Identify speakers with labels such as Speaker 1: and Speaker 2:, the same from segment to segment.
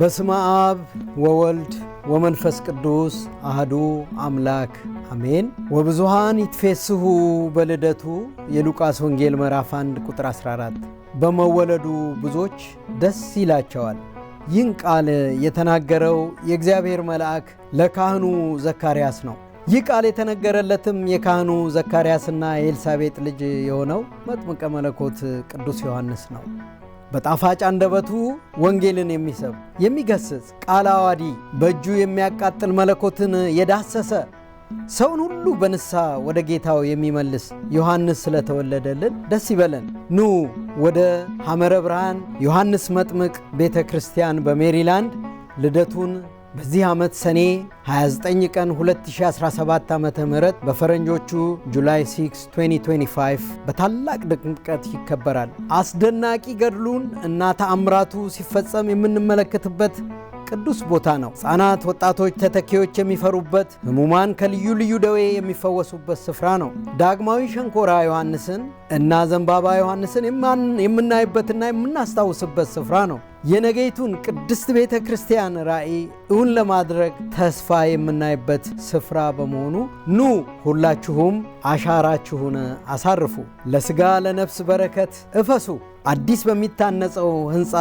Speaker 1: በስመ አብ ወወልድ ወመንፈስ ቅዱስ አህዱ አምላክ አሜን። ወብዙሃን ይትፌስሁ በልደቱ የሉቃስ ወንጌል ምዕራፍ 1 ቁጥር 14 በመወለዱ ብዙዎች ደስ ይላቸዋል። ይህን ቃል የተናገረው የእግዚአብሔር መልአክ ለካህኑ ዘካርያስ ነው። ይህ ቃል የተነገረለትም የካህኑ ዘካርያስና የኤልሳቤጥ ልጅ የሆነው መጥምቀ መለኮት ቅዱስ ዮሐንስ ነው። በጣፋጭ አንደበቱ ወንጌልን የሚሰብ የሚገስጽ ቃለ አዋዲ በእጁ የሚያቃጥል መለኮትን የዳሰሰ ሰውን ሁሉ በንሳ ወደ ጌታው የሚመልስ ዮሐንስ ስለተወለደልን ደስ ይበለን። ኑ ወደ ሐመረ ብርሃን ዮሐንስ መጥምቅ ቤተ ክርስቲያን በሜሪላንድ ልደቱን በዚህ ዓመት ሰኔ 29 ቀን 2017 ዓ ም በፈረንጆቹ ጁላይ 6 2025 በታላቅ ድምቀት ይከበራል። አስደናቂ ገድሉን እና ተአምራቱ ሲፈጸም የምንመለከትበት ቅዱስ ቦታ ነው። ሕፃናት፣ ወጣቶች፣ ተተኪዎች የሚፈሩበት፣ ሕሙማን ከልዩ ልዩ ደዌ የሚፈወሱበት ስፍራ ነው። ዳግማዊ ሸንኮራ ዮሐንስን እና ዘንባባ ዮሐንስን የምናይበትና የምናስታውስበት ስፍራ ነው። የነገይቱን ቅድስት ቤተ ክርስቲያን ራእይ እውን ለማድረግ ተስፋ የምናይበት ስፍራ በመሆኑ ኑ ሁላችሁም አሻራችሁን አሳርፉ፣ ለሥጋ ለነፍስ በረከት እፈሱ። አዲስ በሚታነጸው ሕንፃ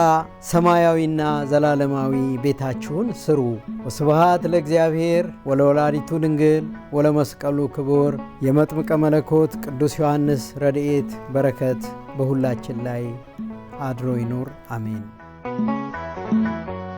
Speaker 1: ሰማያዊና ዘላለማዊ ቤታችሁን ስሩ። ወስብሃት ለእግዚአብሔር ወለወላዲቱ ድንግል ወለመስቀሉ ክቡር። የመጥምቀ መለኮት ቅዱስ ዮሐንስ ረድኤት በረከት በሁላችን ላይ አድሮ ይኑር፣ አሜን። Thank you.